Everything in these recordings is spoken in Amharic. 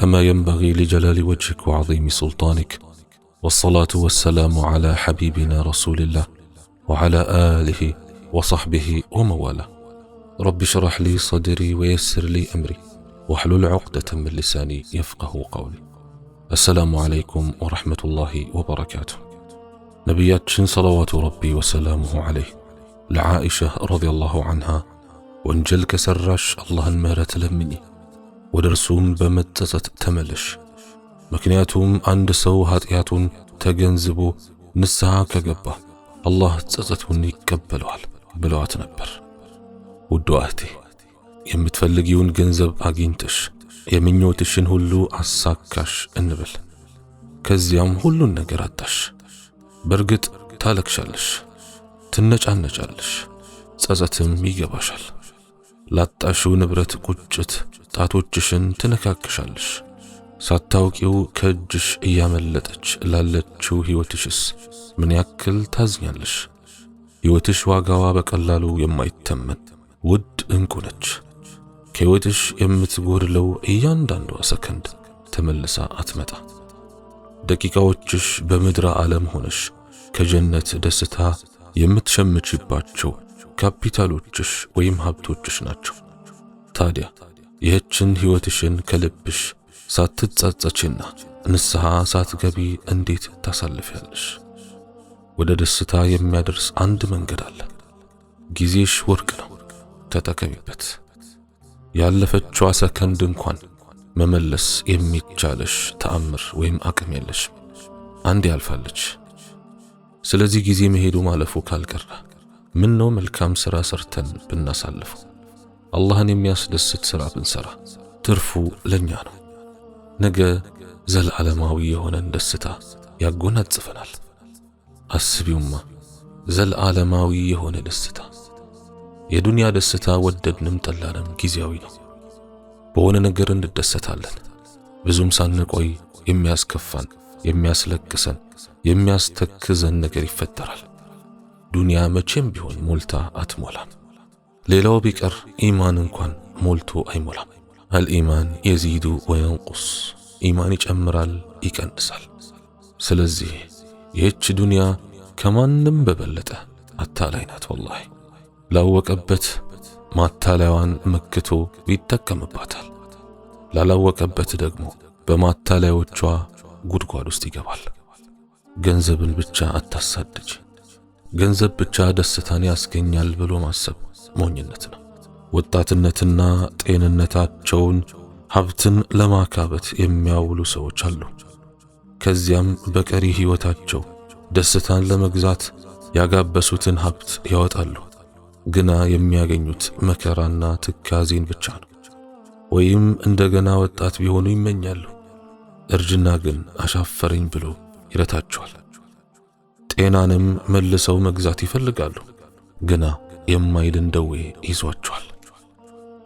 كما ينبغي لجلال وجهك وعظيم سلطانك والصلاه والسلام على حبيبنا رسول الله وعلى اله وصحبه ومواله رب اشرح لي صدري ويسر لي امري واحلل عقده من لساني يفقه قولي السلام عليكم ورحمه الله وبركاته نبيات صلوات ربي وسلامه عليه لعائشه رضي الله عنها وانجلك كسرش الله المهرة لمني ወደ እርሱም በመጸጸት ተመለሽ። ምክንያቱም አንድ ሰው ኃጢአቱን ተገንዝቦ ንስሐ ከገባ አላህ ጸጸቱን ይቀበለዋል ብለዋት ነበር። ውድ እህቴ የምትፈልጊውን ገንዘብ አግኝተሽ የምኞትሽን ሁሉ አሳካሽ እንበል። ከዚያም ሁሉን ነገር አጣሽ። በእርግጥ ታለክሻለሽ ትነጫነጫለሽ፣ ጸጸትም ይገባሻል። ላጣሽው ንብረት ቁጭት ጣቶችሽን ትነካክሻለሽ። ሳታውቂው ከእጅሽ እያመለጠች ላለችው ሕይወትሽስ ምን ያክል ታዝኛለሽ? ሕይወትሽ ዋጋዋ በቀላሉ የማይተመን ውድ እንቁ ነች። ከሕይወትሽ የምትጎድለው እያንዳንዷ ሰከንድ ተመልሳ አትመጣ። ደቂቃዎችሽ በምድረ ዓለም ሆነሽ ከጀነት ደስታ የምትሸምችባቸው ካፒታሎችሽ ወይም ሀብቶችሽ ናቸው። ታዲያ ይህችን ሕይወትሽን ከልብሽ ሳትጸጸችና ንስሐ ሳትገቢ እንዴት ታሳልፊያለሽ? ወደ ደስታ የሚያደርስ አንድ መንገድ አለ። ጊዜሽ ወርቅ ነው፣ ተጠቀሚበት። ያለፈችዋ ሰከንድ እንኳን መመለስ የሚቻለሽ ተአምር ወይም አቅም የለሽም። አንድ ያልፋለች። ስለዚህ ጊዜ መሄዱ ማለፉ ካልቀረ ምን ነው መልካም ሥራ ሰርተን ብናሳልፈው፣ አላህን የሚያስደስት ሥራ ብንሠራ ትርፉ ለእኛ ነው። ነገ ዘለዓለማዊ የሆነን ደስታ ያጎናጽፈናል። አስቢውማ ዘለዓለማዊ የሆነ ደስታ። የዱንያ ደስታ ወደድንም ጠላንም ጊዜያዊ ነው። በሆነ ነገር እንደሰታለን። ብዙም ሳንቆይ የሚያስከፋን፣ የሚያስለቅሰን፣ የሚያስተክዘን ነገር ይፈጠራል። ዱንያ መቼም ቢሆን ሞልታ አትሞላም። ሌላው ቢቀር ኢማን እንኳን ሞልቶ አይሞላም። አልኢማን የዚዱ ወየንቁስ፣ ኢማን ይጨምራል ይቀንሳል። ስለዚህ ይህች ዱንያ ከማንም በበለጠ አታላይ ናት። ወላሂ ላወቀበት ማታለያዋን መክቶ ይጠቀምባታል፣ ላላወቀበት ደግሞ በማታለያዎቿ ጉድጓድ ውስጥ ይገባል። ገንዘብን ብቻ አታሳድጅ። ገንዘብ ብቻ ደስታን ያስገኛል ብሎ ማሰብ ሞኝነት ነው። ወጣትነትና ጤንነታቸውን ሀብትን ለማካበት የሚያውሉ ሰዎች አሉ። ከዚያም በቀሪ ሕይወታቸው ደስታን ለመግዛት ያጋበሱትን ሀብት ያወጣሉ። ግና የሚያገኙት መከራና ትካዜን ብቻ ነው። ወይም እንደገና ወጣት ቢሆኑ ይመኛሉ። እርጅና ግን አሻፈረኝ ብሎ ይረታቸዋል። ጤናንም መልሰው መግዛት ይፈልጋሉ፣ ግና የማይድን ደዌ ይዟቸዋል።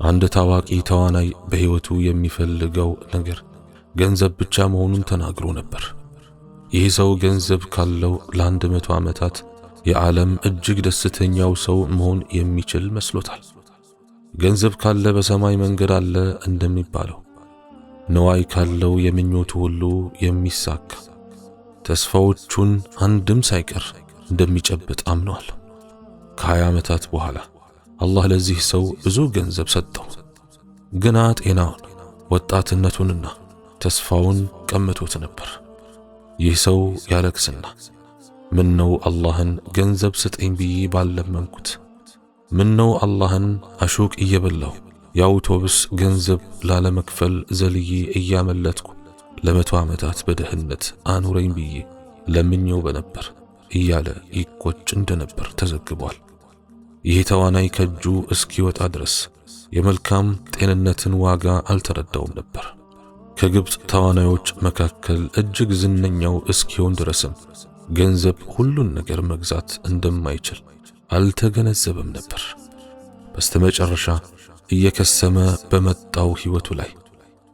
አንድ ታዋቂ ተዋናይ በሕይወቱ የሚፈልገው ነገር ገንዘብ ብቻ መሆኑን ተናግሮ ነበር። ይህ ሰው ገንዘብ ካለው ለአንድ መቶ ዓመታት የዓለም እጅግ ደስተኛው ሰው መሆን የሚችል መስሎታል። ገንዘብ ካለ በሰማይ መንገድ አለ እንደሚባለው ነዋይ ካለው የምኞቱ ሁሉ የሚሳካ ተስፋዎቹን አንድም ሳይቀር እንደሚጨብጥ አምኗል። ከሀያ ዓመታት በኋላ አላህ ለዚህ ሰው ብዙ ገንዘብ ሰጠው። ግና ጤናውን ወጣትነቱንና ተስፋውን ቀምቶት ነበር። ይህ ሰው ያለክስና ምን ነው አላህን ገንዘብ ስጠኝ ብዬ ባለመንኩት፣ ምን ነው አላህን አሹቅ እየበላሁ የአውቶብስ ገንዘብ ላለመክፈል ዘልዬ እያመለጥኩ ለመቶ ዓመታት በደህንነት አኑረኝ ብዬ ለምኘው በነበር እያለ ይቆጭ እንደነበር ተዘግቧል። ይህ ተዋናይ ከእጁ እስኪወጣ ድረስ የመልካም ጤንነትን ዋጋ አልተረዳውም ነበር። ከግብፅ ተዋናዮች መካከል እጅግ ዝነኛው እስኪሆን ድረስም ገንዘብ ሁሉን ነገር መግዛት እንደማይችል አልተገነዘበም ነበር። በስተመጨረሻ እየከሰመ በመጣው ሕይወቱ ላይ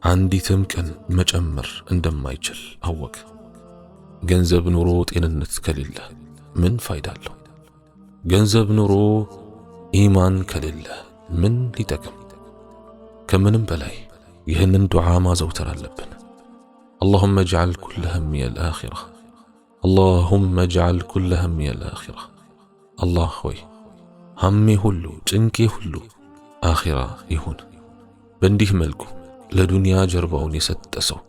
አንዲትም ቀን መጨመር እንደማይችል አወቀ። ገንዘብ ኑሮ ጤንነት ከሌለ ምን ፋይዳ አለው? ገንዘብ ኑሮ ኢማን ከሌለ ምን ሊጠቅም? ከምንም በላይ ይህንን ዱዓ ማዘውተር አለብን። اللهم اجعل كل همي الآخرة اللهم اجعل كل همي الآخرة አላህ ሆይ ሐሜ ሁሉ ጭንቄ ሁሉ አኺራ ይሁን። በእንዲህ መልኩ ለዱንያ ጀርባውን የሰጠ ሰው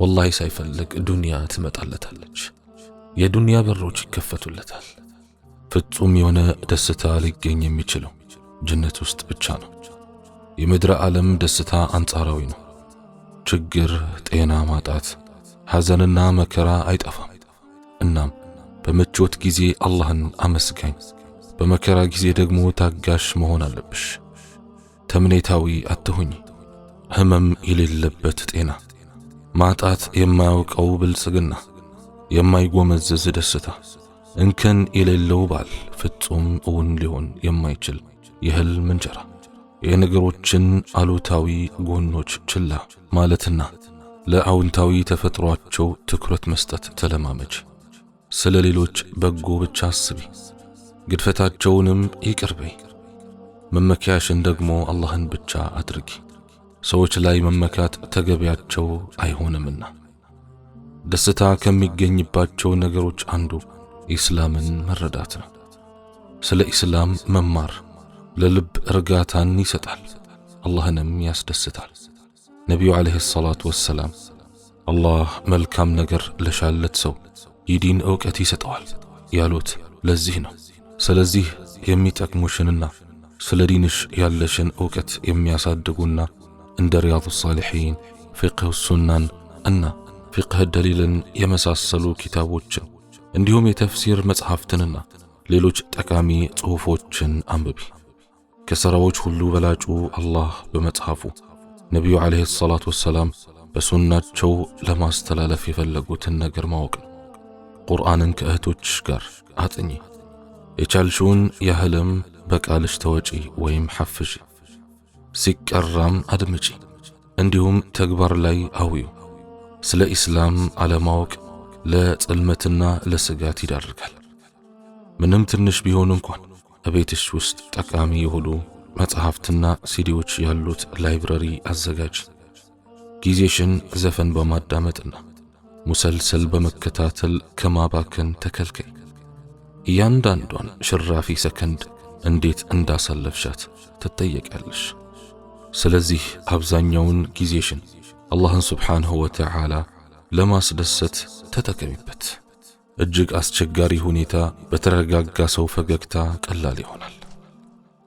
ወላሂ ሳይፈልግ ዱንያ ትመጣለታለች። የዱንያ በሮች ይከፈቱለታል። ፍጹም የሆነ ደስታ ሊገኝ የሚችለው ጀነት ውስጥ ብቻ ነው። የምድረ ዓለም ደስታ አንጻራዊ ነው። ችግር፣ ጤና ማጣት፣ ሐዘንና መከራ አይጠፋም። እናም በምቾት ጊዜ አላህን አመስጋኝ፣ በመከራ ጊዜ ደግሞ ታጋሽ መሆን አለብሽ። ተምኔታዊ አትሁኝ። ህመም የሌለበት ጤና፣ ማጣት የማያውቀው ብልጽግና፣ የማይጎመዝዝ ደስታ፣ እንከን የሌለው ባል፣ ፍጹም እውን ሊሆን የማይችል የህልም እንጀራ፣ የነገሮችን አሉታዊ ጎኖች ችላ ማለትና ለአዎንታዊ ተፈጥሯቸው ትኩረት መስጠት ተለማመጅ። ስለ ሌሎች በጎ ብቻ አስቢ፣ ግድፈታቸውንም ይቅር መመኪያሽን ደግሞ አላህን ብቻ አድርጊ። ሰዎች ላይ መመካት ተገቢያቸው አይሆንምና። ደስታ ከሚገኝባቸው ነገሮች አንዱ ኢስላምን መረዳት ነው። ስለ ኢስላም መማር ለልብ እርጋታን ይሰጣል፣ አላህንም ያስደስታል። ነቢዩ ዓለይሂ ሰላቱ ወሰላም አላህ መልካም ነገር ለሻለት ሰው የዲን ዕውቀት ይሰጠዋል ያሉት ለዚህ ነው። ስለዚህ የሚጠቅሙሽንና ስለ ዲንሽ ያለሽን ዕውቀት የሚያሳድጉና እንደ ሪያዱ ሳሊሒን፣ ፊቅህ ሱናን እና ፊቅህ ደሊልን የመሳሰሉ ኪታቦችን እንዲሁም የተፍሲር መጽሐፍትንና ሌሎች ጠቃሚ ጽሑፎችን አንብቢ። ከሥራዎች ሁሉ በላጩ አላህ በመጽሐፉ ነቢዩ ዓለይሂ ሰላቱ ወሰላም በሱናቸው ለማስተላለፍ የፈለጉትን ነገር ማወቅ ነው። ቁርአንን ከእህቶች ጋር አጥኚ፣ የቻልሽውን ያህልም በቃልሽ ተወጪ ወይም ሐፍሺ። ሲቀራም አድምጪ፣ እንዲሁም ተግባር ላይ አውዪው። ስለ ኢስላም አለማወቅ ለጽልመትና ለስጋት ይዳርጋል። ምንም ትንሽ ቢሆን እንኳን እቤትሽ ውስጥ ጠቃሚ የሆኑ መጽሐፍትና ሲዲዎች ያሉት ላይብረሪ አዘጋጅ። ጊዜሽን ዘፈን በማዳመጥና ሙሰልሰል በመከታተል ከማባከን ተከልከይ። እያንዳንዷን ሽራፊ ሰከንድ እንዴት እንዳሳለፍሻት ትጠየቂያለሽ። ስለዚህ አብዛኛውን ጊዜሽን አላህን ስብሓንሁ ወተዓላ ለማስደሰት ተጠቀሚበት። እጅግ አስቸጋሪ ሁኔታ በተረጋጋ ሰው ፈገግታ ቀላል ይሆናል።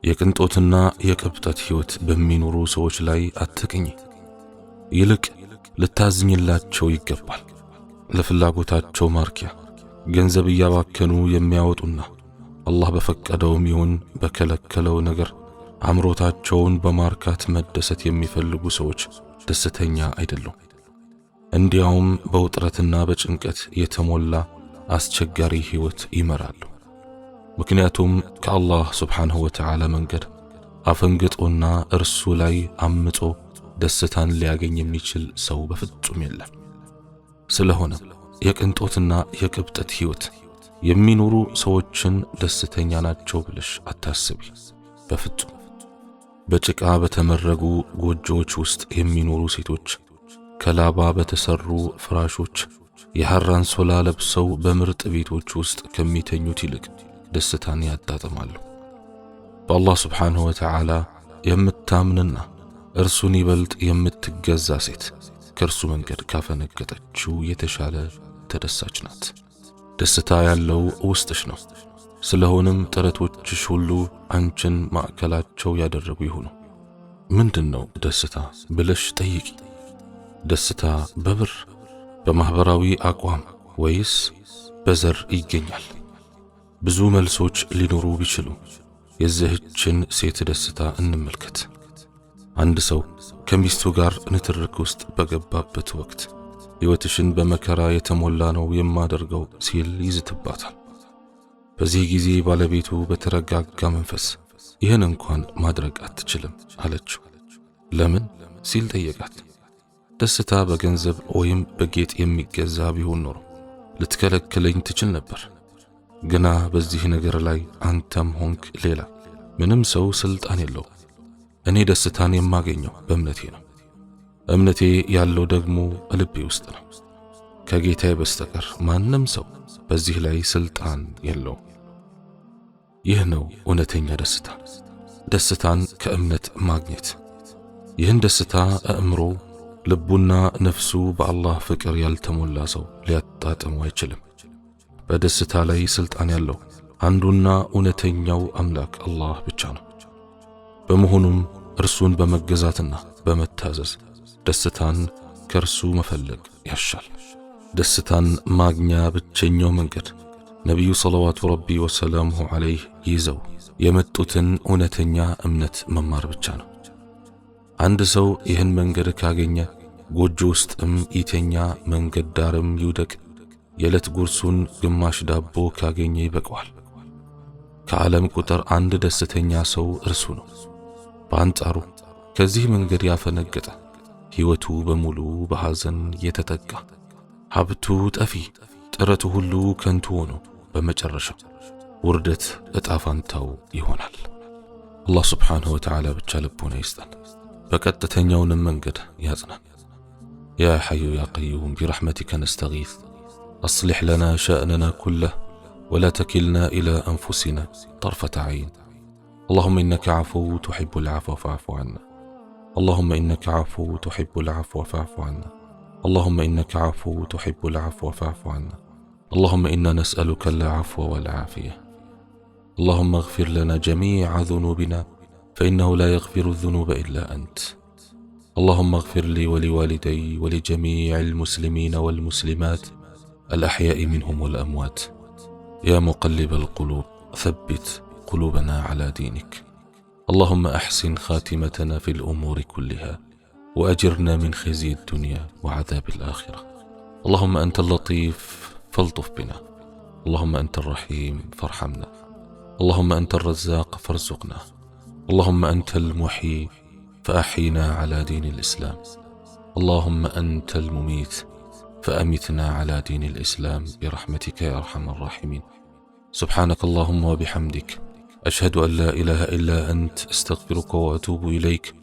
የቅንጦትና የቅብጠት ሕይወት በሚኖሩ ሰዎች ላይ አትቅኝ። ይልቅ ልታዝኝላቸው ይገባል። ለፍላጎታቸው ማርኪያ ገንዘብ እያባከኑ የሚያወጡና አላህ በፈቀደውም ይሁን በከለከለው ነገር አምሮታቸውን በማርካት መደሰት የሚፈልጉ ሰዎች ደስተኛ አይደሉም። እንዲያውም በውጥረትና በጭንቀት የተሞላ አስቸጋሪ ሕይወት ይመራሉ። ምክንያቱም ከአላህ ስብሓንሁ ወተዓላ መንገድ አፈንግጦና እርሱ ላይ አምጾ ደስታን ሊያገኝ የሚችል ሰው በፍጹም የለም። ስለሆነ የቅንጦትና የቅብጠት ሕይወት የሚኖሩ ሰዎችን ደስተኛ ናቸው ብለሽ አታስቢ በፍጹም። በጭቃ በተመረጉ ጎጆዎች ውስጥ የሚኖሩ ሴቶች ከላባ በተሰሩ ፍራሾች የሐራን ሶላ ለብሰው በምርጥ ቤቶች ውስጥ ከሚተኙት ይልቅ ደስታን ያጣጥማሉ። በአላህ ስብሓንሁ ወተዓላ የምታምንና እርሱን ይበልጥ የምትገዛ ሴት ከእርሱ መንገድ ካፈነገጠችው የተሻለ ተደሳች ናት። ደስታ ያለው ውስጥሽ ነው። ስለሆነም ጥረቶችሽ ሁሉ አንቺን ማዕከላቸው ያደረጉ ይሁኑ። ምንድን ነው ደስታ ብለሽ ጠይቂ። ደስታ በብር በማኅበራዊ አቋም ወይስ በዘር ይገኛል? ብዙ መልሶች ሊኖሩ ቢችሉ የዚህችን ሴት ደስታ እንመልከት። አንድ ሰው ከሚስቱ ጋር ንትርክ ውስጥ በገባበት ወቅት ሕይወትሽን በመከራ የተሞላ ነው የማደርገው ሲል ይዝትባታል። በዚህ ጊዜ ባለቤቱ በተረጋጋ መንፈስ ይህን እንኳን ማድረግ አትችልም አለችው። ለምን ሲል ጠየቃት። ደስታ በገንዘብ ወይም በጌጥ የሚገዛ ቢሆን ኖሮ ልትከለክለኝ ትችል ነበር። ግና በዚህ ነገር ላይ አንተም ሆንክ ሌላ ምንም ሰው ስልጣን የለው። እኔ ደስታን የማገኘው በእምነቴ ነው። እምነቴ ያለው ደግሞ ልቤ ውስጥ ነው። ከጌታዬ በስተቀር ማንም ሰው በዚህ ላይ ስልጣን የለውም። ይህ ነው እውነተኛ ደስታ፣ ደስታን ከእምነት ማግኘት። ይህን ደስታ አእምሮ፣ ልቡና ነፍሱ በአላህ ፍቅር ያልተሞላ ሰው ሊያጣጥሙ አይችልም። በደስታ ላይ ስልጣን ያለው አንዱና እውነተኛው አምላክ አላህ ብቻ ነው። በመሆኑም እርሱን በመገዛትና በመታዘዝ ደስታን ከእርሱ መፈለግ ያሻል። ደስታን ማግኛ ብቸኛው መንገድ ነቢዩ ሰለዋቱ ረቢ ወሰላሙሁ ዓለይህ ይዘው የመጡትን እውነተኛ እምነት መማር ብቻ ነው። አንድ ሰው ይህን መንገድ ካገኘ ጎጆ ውስጥም ይተኛ፣ መንገድ ዳርም ይውደቅ፣ የዕለት ጉርሱን ግማሽ ዳቦ ካገኘ ይበቀዋል። ከዓለም ቁጥር አንድ ደስተኛ ሰው እርሱ ነው። በአንጻሩ ከዚህ መንገድ ያፈነገጠ ሕይወቱ በሙሉ በሐዘን የተጠቃ ሀብቱ ጠፊ፣ ጥረቱ ሁሉ ከንቱ ሆኖ በመጨረሻ ውርደት እጣ ፋንታው ይሆናል። አላህ ስብሓንሁ ወተዓላ ብቻ ልቦና ይስጠን፣ በቀጥተኛውንም መንገድ ያጽናን። ያ ሐዩ ያ ቀዩም ቢረሕመቲከ ነስተጊዝ አስሊሕ ለና ሸእነና ኩለህ ولا تكلنا إلى أنفسنا طرفة عين اللهم إنك عفو تحب العفو فاعف عنا اللهم إنك عفو تحب العفو فاعف عنا اللهم إنك عفو تحب العفو فاعف عنا اللهم إنا نسألك العفو والعافية اللهم اغفر لنا جميع ذنوبنا فإنه لا يغفر الذنوب إلا أنت اللهم اغفر لي ولوالدي ولجميع المسلمين والمسلمات الأحياء منهم والأموات يا مقلب القلوب ثبت قلوبنا على دينك اللهم أحسن خاتمتنا في الأمور كلها واجرنا من خزي الدنيا وعذاب الاخره اللهم انت اللطيف فالطف بنا اللهم انت الرحيم فارحمنا اللهم انت الرزاق فارزقنا اللهم انت المحيي فاحينا على دين الاسلام اللهم انت المميت فامتنا على دين الاسلام برحمتك يا ارحم الراحمين سبحانك اللهم وبحمدك اشهد ان لا اله الا انت استغفرك واتوب اليك